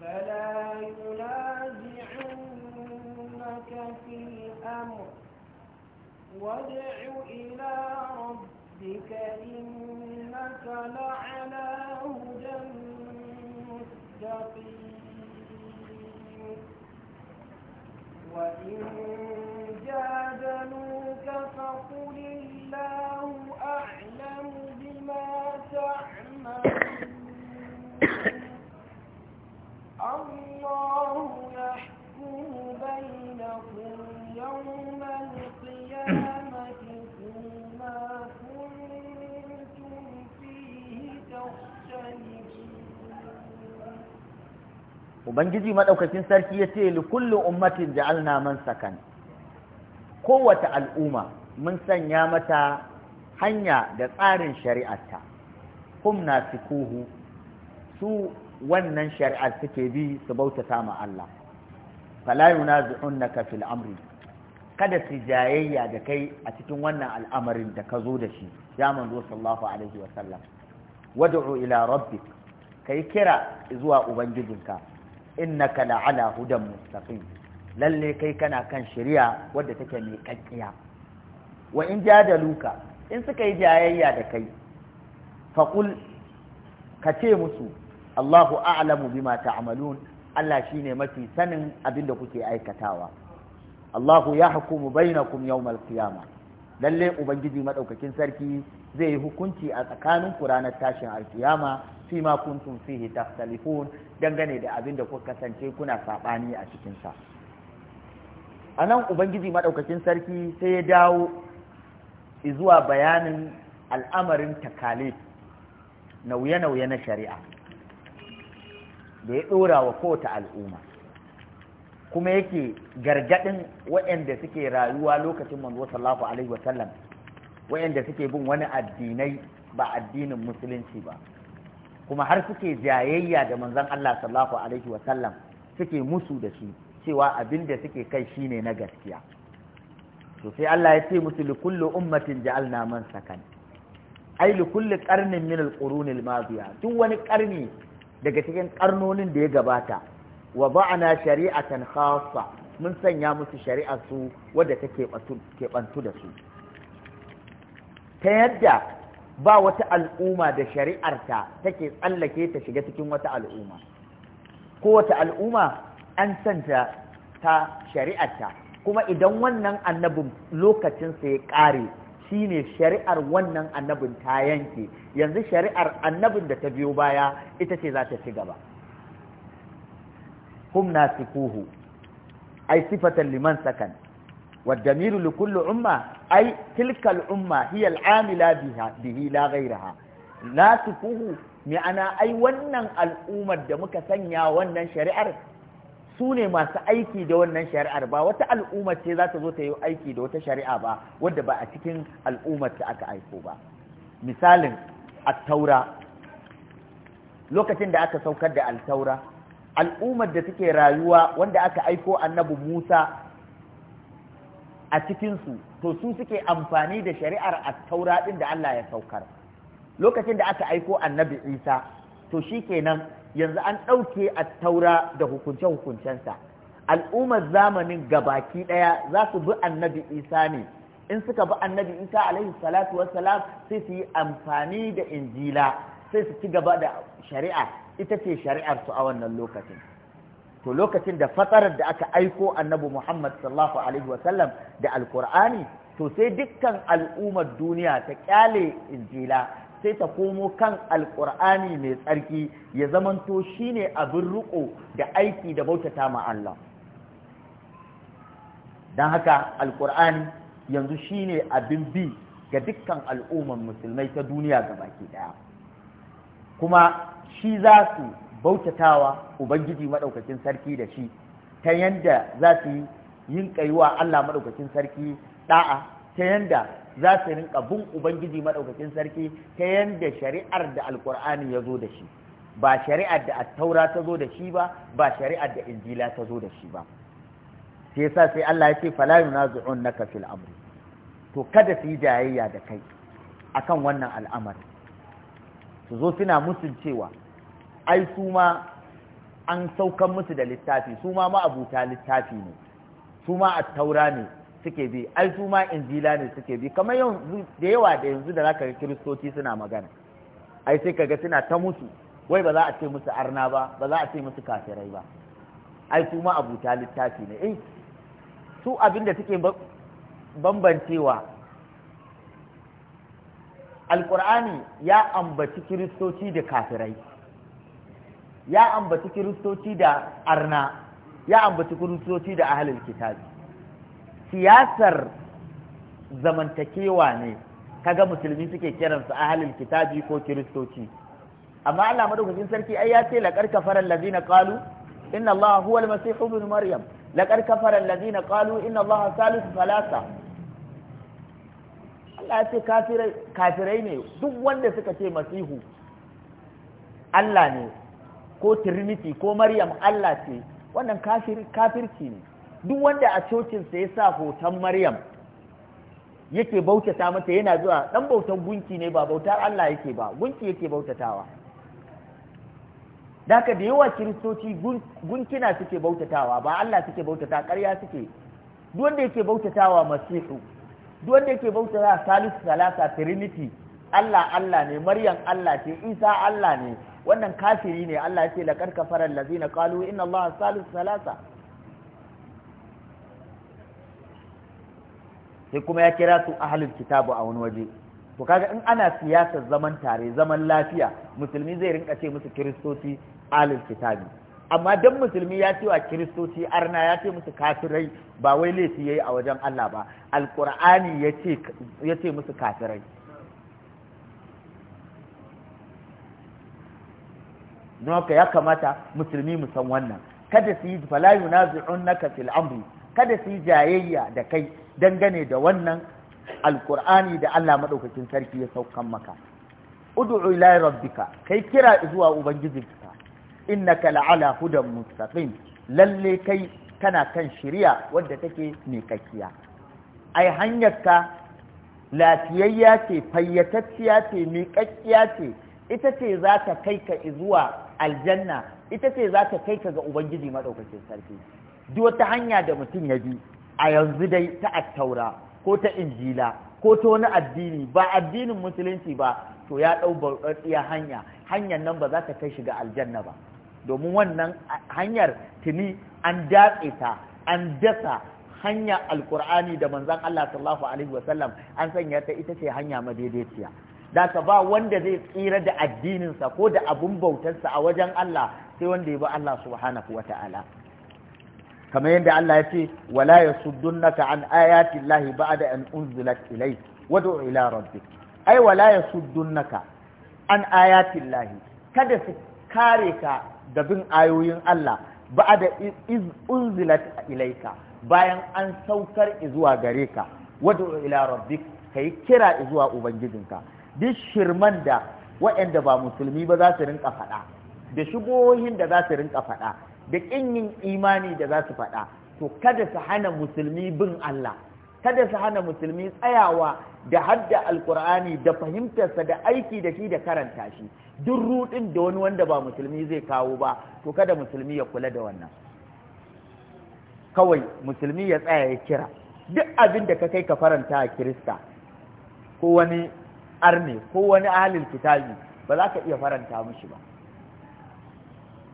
فلا ينازعنك في الأمر وادع إلى ربك إنك لعلى هدى مستقيم وإن جادلوك فقل الله أعلم بما تعملون الله يحكم بينكم يوم القيامة فيما كنتم فيه تختلفون ubangiji madaukakin sarki ya ce li kullu ummatin ja'alna man sakan kowace al'umma mun sanya mata hanya da tsarin shari'arta hum nasikuhu su wannan shari'ar suke bi su bautata ma Allah fala yunazi'unnaka fil amri kada su jayayya da kai a cikin wannan al'amarin da ka zo da shi ya manzo sallallahu alaihi wa sallam wad'u ila rabbik kai kira zuwa ubangijinka innaka la'ala hudan mustaqim lalle kai kana kan shari'a wadda take mai kakkiya wa in jadaluka in suka yi jayayya da kai faqul ka ce musu Allahu a'lamu bima ta'malun Allah shine mafi sanin abin da kuke aikatawa Allahu ya hukumu bainakum yawmal qiyamah lalle ubangiji madaukakin sarki zai yi hukunci a tsakanin ku ranar tashin alkiyama fi ma kuntum fihi tahtalifun dangane da abin da kuka kasance kuna sabani a cikin sa nan ubangiji maɗaukacin sarki sai ya dawo zuwa bayanin al'amarin takali nauye-nauye na shari'a da ya dora wa kowace al'umma kuma yake gargadin waɗanda suke rayuwa lokacin manzo sallallahu alaihi wasallam wayanda suke bin wani addinai ba addinin musulunci ba kuma har suke jayayya da manzon Allah sallallahu alaihi wa sallam suke musu da shi cewa abin da suke kai shine na gaskiya to sai Allah ya ce musu li kullu ummatin ja'alna man sakan ai li kulli qarnin min al-qurun al duk wani qarni daga cikin karnonin da ya gabata wa ba'ana shari'atan khassa mun sanya musu shari'a su wadda take keɓantu da su ta yadda ba wata al'umma da shari'arta take tsallake ta shiga cikin wata al'umma ko wata al'umma an santa ta shari'arta kuma idan wannan annabin lokacin lokacinsa ya ƙare shi ne shari'ar wannan annabin ta yanke yanzu shari'ar annabin da ta biyo baya ita ce za ta ci gaba hum nasikuhu ai sifatan liman sakan والدمير لكل أمة أي تلك الأمة هي العاملة بها به لا غيرها لا تفوه معنا أي ونن الأمة دمك سنيا ونن شرعر sune masu aiki da wannan shari'ar ba wata al'ummar ce za ta zo ta yi aiki da wata shari'a ba wadda ba a cikin al'ummar ta aka aiko ba misalin attaura lokacin da aka saukar da altaura al'ummar da take rayuwa wanda aka aiko annabi musa a cikinsu to su suke amfani da shari'ar attaura ɗin da Allah ya saukar lokacin da aka aiko annabi isa to shi kenan yanzu an ɗauke taura da hukunce-hukuncensa al'ummar zamanin gabaki ɗaya za su bi annabi isa ne in suka bi annabi isa alaihi salatu wassalam sai su yi amfani da injila sai su ci gaba da shari'a ita ce shari'ar su a wannan lokacin to lokacin da fatsarar da aka aiko annabi Muhammad sallallahu alaihi wa sallam da alkur'ani to sai dukkan al'ummar duniya ta kyale injila sai ta komo kan alkur'ani mai tsarki ya zamanto shine abin riko da aiki da bautata ma Allah dan haka alkur'ani yanzu shine abin bi ga dukkan al'ummar musulmai ta duniya gabaki daya kuma shi za su bautatawa ubangiji madaukakin sarki da shi ta yanda za su yi yin kaiwa Allah madaukakin sarki da'a ta yanda za su rinka bin ubangiji madaukakin sarki ta yanda shari'ar da Alƙur'ani ya zo da shi ba shari'ar da attaura ta zo da shi ba ba shari'ar da injila ta zo da shi ba sai yasa sai Allah ya ce fala na fil amri to kada su yi jayayya da kai akan wannan al'amari su zo suna musun cewa ai su ma an saukan musu da littafi su ma ma'abuta littafi ne su ma a taura ne suke bi ai su ma injila ne suke bi kamar yanzu da yawa da yanzu da zaka ga kiristoci suna magana ai sai kaga suna ta musu wai ba za a ce musu arna ba ba za a ce musu kafirai ba ai su ma abuta littafi ne eh su abinda suke bambancewa alkur'ani ya ambaci kiristoci da kafirai ya ambaci kiristoci da arna ya ambaci kiristoci da ahalin kitabi siyasar zamantakewa ne kaga musulmi suke kiransu ahalin kitabi ko kiristoci amma Allah madaukakin sarki ai ya ce la karkafar allazina qalu inna allaha huwa almasih ibn maryam la karkafar allazina qalu inna allaha salisu Falasa Allah ya ce kafirai kafirai ne duk wanda suka ce masihu Allah ne ko trinity ko maryam Allah ce wannan kafirci ne duk wanda a cocinsa ya sa hoton maryam yake bautata mata yana zuwa dan bautan gunki ne ba bautar Allah yake ba gunki yake bautatawa Daka da yawa kiristoci gunkina suke bautatawa ba Allah suke bautata ƙarya suke duk wanda yake bautatawa masihu duk wanda yake bautatawa salisu salasa trinity Allah Allah ne maryam Allah ce isa Allah ne wannan kafiri ne Allah ya ce laqad kafara allazina qalu inna allaha salisu salasa sai kuma ya kira su ahlul kitabu a wani waje to kaga in ana siyasar zaman tare zaman lafiya musulmi zai rinka ce musu kiristoci ahlul kitabi amma dan musulmi ya ce wa kiristoci arna ya ce musu kafirai ba wai laifi yayi a wajen Allah ba alqur'ani ya ce ya ce musu kafirai noka ya kamata musulmi mu san wannan kada su yi fala na ka amri kada su yi jayayya da kai dangane da wannan alkur'ani da Allah madaukakin sarki ya saukan maka ud'u ila rabbika kai kira zuwa ubangijinka innaka la'ala hudan mustaqim lalle kai kana kan shari'a wadda take miƙaƙiya ai hanyarka lafiyayya ce fayyatacciya ce miƙaƙiya ce ita ce za ta kai ka zuwa aljanna ita ce za ta kai ka ga ubangiji maɗaukacin sarki duk wata hanya da mutum ya bi a yanzu dai ta attaura ko ta injila ko ta wani addini ba addinin musulunci ba to ya ɗau bauɗaɗɗiya hanya hanyar nan ba za ta kai shiga aljanna ba domin wannan hanyar tuni an datse ta an dasa hanya alkur'ani da manzon Allah sallallahu alaihi wasallam an sanya ta ita ce hanya madaidaiciya da ka ba wanda zai tsira da addininsa ko da abun bautarsa a wajen Allah sai wanda ya bi Allah subhanahu wata'ala kamar yadda Allah ya ce wala naka an ayati llahi ba'da an unzilat ilai wad'u ila rabbik ai wala naka an ayati llahi kada su kare ka da bin ayoyin Allah ba'da iz unzilat ilayka bayan an saukar zuwa gare ka wad'u ila rabbik kai kira zuwa ubangijinka duk shirman da waɗanda ba musulmi ba za su rinka faɗa da shigohin da za su rinka faɗa da ƙin imani da za su faɗa to kada su hana musulmi bin Allah kada su hana musulmi tsayawa da hadda alkur'ani da fahimtarsa da aiki da shi da karanta shi duk rudin da wani wanda ba musulmi zai kawo ba to kada musulmi ya kula da wannan kawai musulmi ya tsaya ya kira duk abin da ka kai ka faranta a kirista ko wani arne ko wani ahalin kitabi ba za ka iya faranta mushi ba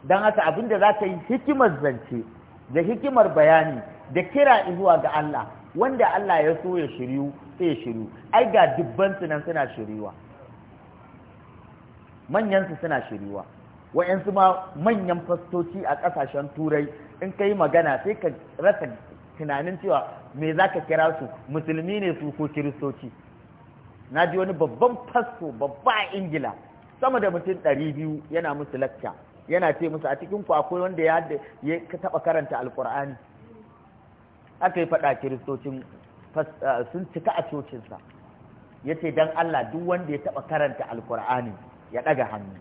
don haka abin da za ka yi hikimar zance da hikimar bayani da kira zuwa ga Allah wanda Allah ya so ya shiryu sai ya shiryu ai ga dubban su nan suna shiryuwa manyan su suna shiryuwa wa'yansu ma manyan fastoci a ƙasashen turai in ka yi magana sai ka rasa tunanin cewa me za ka kira su musulmi ne su ko kiristoci na ji wani babban fasto babba a ingila sama da mutum ɗari biyu yana musu lakca yana ce musu a cikin ku akwai wanda ya taɓa karanta alƙur'ani aka yi faɗa kiristocin eh, sun cika a cocinsa ya ce don allah duk wanda ya taɓa karanta alƙur'ani ya ɗaga hannu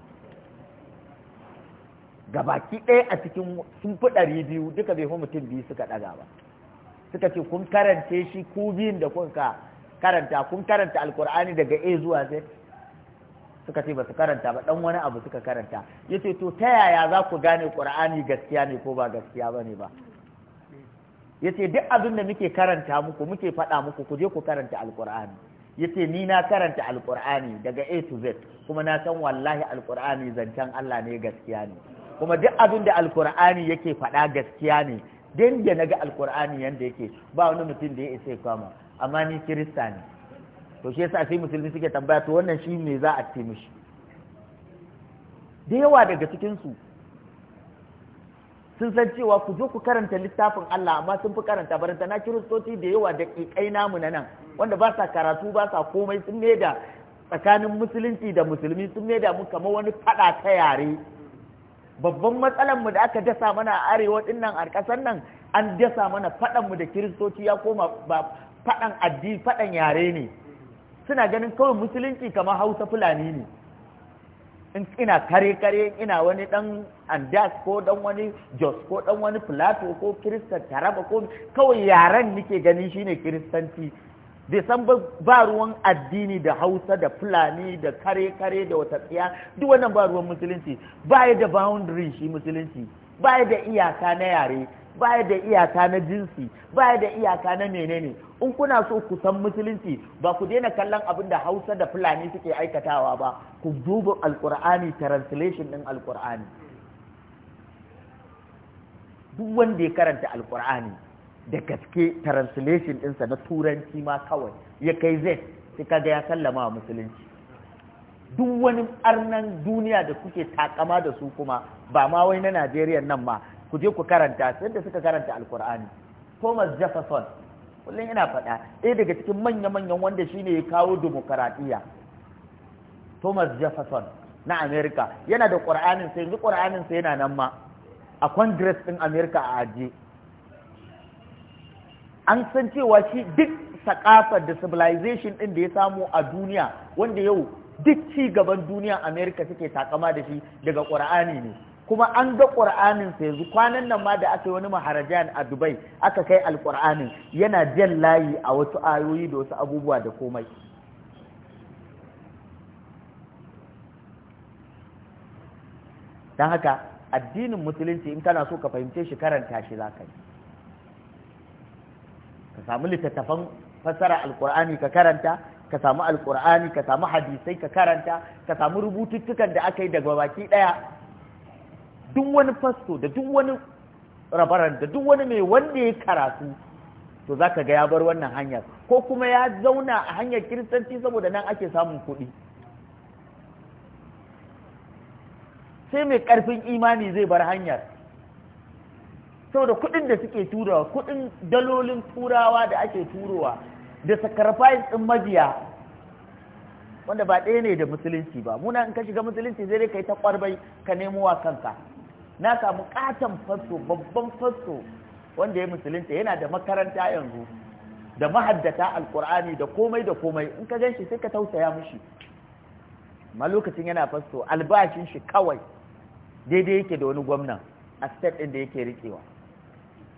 gabaki ɗaya a cikin sun fi ɗari biyu duka bai fi mutum biyu suka ɗaga ba suka ce kun karance shi ku biyun da kuka karanta kun karanta alkur'ani daga a zuwa z suka ce ba su karanta ba dan wani abu suka karanta yace to ta yaya za ku gane qur'ani gaskiya ne ko ba gaskiya bane ba yace duk abin da muke karanta muku muke faɗa muku ku je ku karanta alkur'ani yace ni na karanta alkur'ani daga a to z kuma na san wallahi alkur'ani zancen Allah ne gaskiya ne kuma duk abin da alkur'ani yake faɗa gaskiya ne dan da naga alkur'ani yanda yake ba wani mutum da ya isa kama amma ni kirista ne to shi yasa sai musulmi suke tambaya to wannan shi me za a ce mishi da yawa daga cikinsu sun san cewa ku zo ku karanta littafin Allah amma sun fi karanta baranta na kiristoci da yawa da kai namu na nan wanda ba sa karatu ba sa komai sun ne da tsakanin musulunci da musulmi sun ne da mu kamar wani fada ta yare babban matsalan mu da aka dasa mana a arewa dinnan a ƙasar nan an dasa mana fadan mu da kiristoci ya koma faɗan addini faɗan yare ne suna ganin kawai musulunci kamar hausa fulani ne in ina kare-kare ina wani dan andas ko dan wani jos ko dan wani plato ko kiristan taraba ko kawai yaren nike gani shine kiristanci bai san ba ruwan addini da hausa da fulani da kare-kare da wata tsiya duk wannan ba ruwan musulunci baya da boundary shi musulunci baya da iyaka na yare baya da iyaka na jinsi baya da iyaka na menene in kuna so ku san musulunci ba ku daina kallon abin da hausa da fulani suke aikatawa ba ku duba alkur'ani translation ɗin alkur'ani duk wanda ya karanta alkur'ani da gaske translation ɗinsa na turanci ma kawai ya kai zai sai kaga ya sallama musulunci duk wani arnan duniya da kuke takama da su kuma ba ma wai na najeriya nan ma ku je ku karanta sai da suka karanta alkur'ani thomas jefferson kullum yana faɗa ɗaya daga cikin manya-manyan wanda shi ne ya kawo demokaradiyya thomas jefferson na america yana da ƙur'anin yanzu ƙur'anin yana nan ma a congress ɗin america a aji. an san cewa shi duk sakafar da civilization ɗin da ya samu a duniya wanda yau duk ci gaban duniya america suke takama da shi daga ƙur'ani ne kuma an ga ƙur'anin sa yanzu kwanan nan ma da aka yi wani maharajan a Dubai aka kai alƙur'anin yana jan layi a wasu ayoyi da wasu abubuwa da komai don haka addinin musulunci in kana so ka fahimce shi karanta shi za ka yi ka samu littattafan fassara alƙur'ani ka karanta ka samu alƙur'ani ka samu hadisai ka karanta ka samu rubututtukan da aka yi daga baki ɗaya duk wani fasto da duk wani rabaran da duk wani mai wanda ya karatu to za ka ga ya bar wannan hanyar ko kuma ya zauna a hanyar kiristanci saboda nan ake samun kuɗi sai mai ƙarfin imani zai bar hanyar saboda kuɗin da suke turawa kuɗin dalolin turawa da ake turowa da sacrifice ɗin mabiya wanda ba ɗaya ne da musulunci ba muna in ka shiga musulunci zai dai kai ta ƙwarbai ka nemo wa kanka na samu katon fasto babban fasto wanda ya musulunta yana da makaranta yanzu da mahaddata alkur'ani da komai da komai in ka gan shi sai ka tausaya mushi ma lokacin yana fasto albashin shi kawai daidai yake da wani gwamnan a state ɗin da yake riƙewa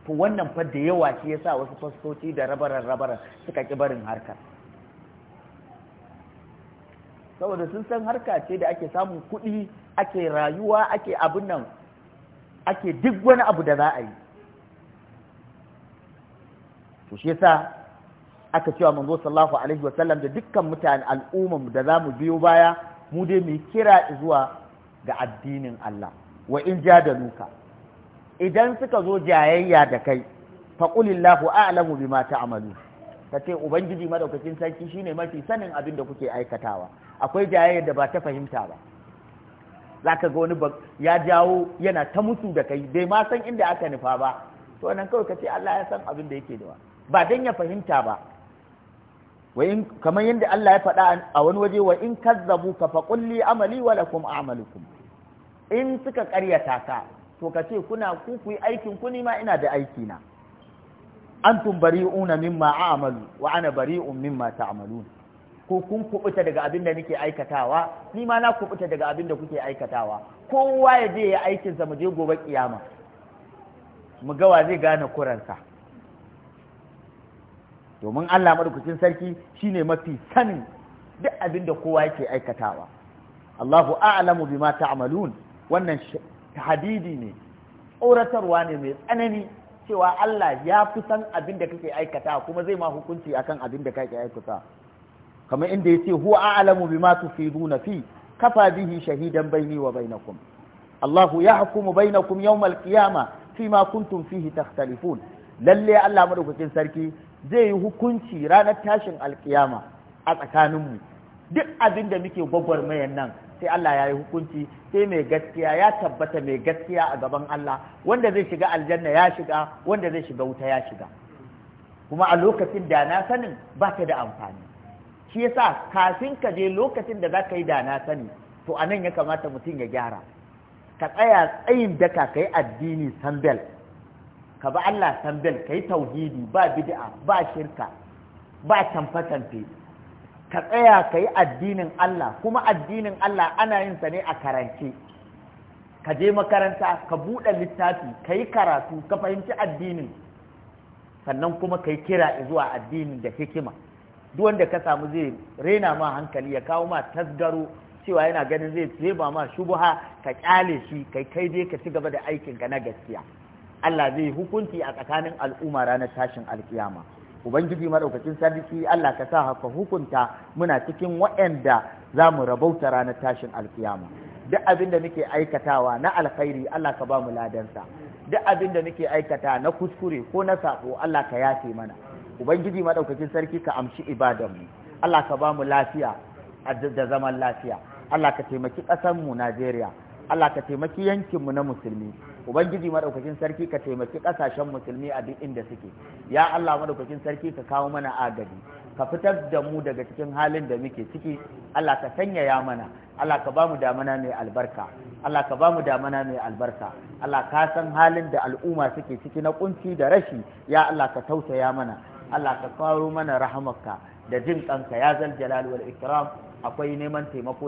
to wannan fa da yawa shi yasa wasu fastoci da rabaran rabaran suka ki barin harka saboda sun san harka ce da ake samun kuɗi ake rayuwa ake abin nan ake duk wani abu da za a yi to shi yasa aka cewa manzo sallallahu alaihi sallam da dukkan mutane al'ummar da za mu biyo baya mu dai mu kira zuwa ga addinin Allah wa in jadaluka idan suka zo jayayya da kai faqulillahu a'lamu bima ta'malu ta ce ubangiji madaukakin sarki shine mafi sanin abin da kuke aikatawa akwai jayayyar da ba ta fahimta ba za ka ga wani ya jawo yana ta mutu da kai bai ma san inda aka nufa ba to nan kawai ka ce Allah ya san abin da yake da ba dan ya fahimta ba wa in kamar yadda Allah ya faɗa a wani waje wa in kazzabu ka fa qulli amali wa lakum a'malukum in suka ƙaryata ka to ka ce kuna ku ku aikin ku ni ma ina da aiki na antum bari'una mimma a'malu wa ana bari'un mimma ta'malun ko kun kubuta daga abin da nake aikatawa ni ma na kubuta daga abin da kuke aikatawa kowa ya je ya aikinsa mu je gobe kiyama mu ga wa zai gane kuransa domin Allah madaukakin sarki shine mafi sanin duk abin da kowa yake aikatawa Allahu a'lamu bima ta'malun wannan tahdidi ne tsoratarwa ne mai tsanani cewa Allah ya fi san abin da kake aikata kuma zai ma hukunci akan abin da kake aikata kamar inda ya ce huwa a'lamu bima tufiduna fi kafa bihi shahidan baini wa bainakum Allahu ya hukumu bainakum yawmal fi ma kuntum fihi takhtalifun lalle Allah madaukakin sarki zai yi hukunci ranar tashin alkiyama a tsakaninmu duk abin da muke gwagwarmayan nan sai Allah ya yi hukunci sai mai gaskiya ya tabbata mai gaskiya a gaban Allah wanda zai shiga aljanna ya shiga wanda zai shiga wuta ya shiga kuma a lokacin da na sanin ba ta da amfani shi yasa kafin ka je lokacin da za ka yi dana sani to anan ya kamata mutum ya gyara ka tsaya tsayin daka kai addini sambel ka ba Allah sambel ka yi tauhidi ba bid'a ba shirka ba tamfatamfe ka tsaya ka yi addinin Allah kuma addinin Allah ana yin sa ne a karance ka je makaranta ka buɗe littafi ka yi karatu ka fahimci addinin sannan kuma ka yi kira zuwa addinin da hikima duk wanda ka samu zai rena ma hankali ya kawo ma tasgaro cewa yana ganin zai tseba ma shubuha ka kyale shi kai kai dai ka ci gaba da aikin ka na gaskiya Allah zai hukunci a tsakanin al'umma ranar tashin alkiyama ubangiji madaukakin sarki Allah ka sa haka hukunta muna cikin waɗanda za mu rabauta ranar tashin alkiyama duk abin da muke aikatawa na alkhairi Allah ka ba mu ladansa duk abin da muke aikata na kuskure ko na sako Allah ka yafe mana ubangiji maɗaukakin sarki ka amshi ibadanmu Allah ka ba mu lafiya da zaman lafiya Allah ka taimaki ƙasanmu Najeriya Allah ka taimaki yankinmu na musulmi ubangiji maɗaukakin sarki ka taimaki ƙasashen musulmi a duk inda suke ya Allah maɗaukakin sarki ka kawo mana agaji ka fitar da mu daga cikin halin da muke ciki Allah ka sanyaya mana Allah ka ba mu damana mai albarka Allah ka ba mu damana mai albarka Allah ka san halin da al'umma suke ciki na kunci da rashi ya Allah ka tausaya mana Allah ka faro mana rahamarka da jin kanka ya zal jalal wal ikram akwai neman taimako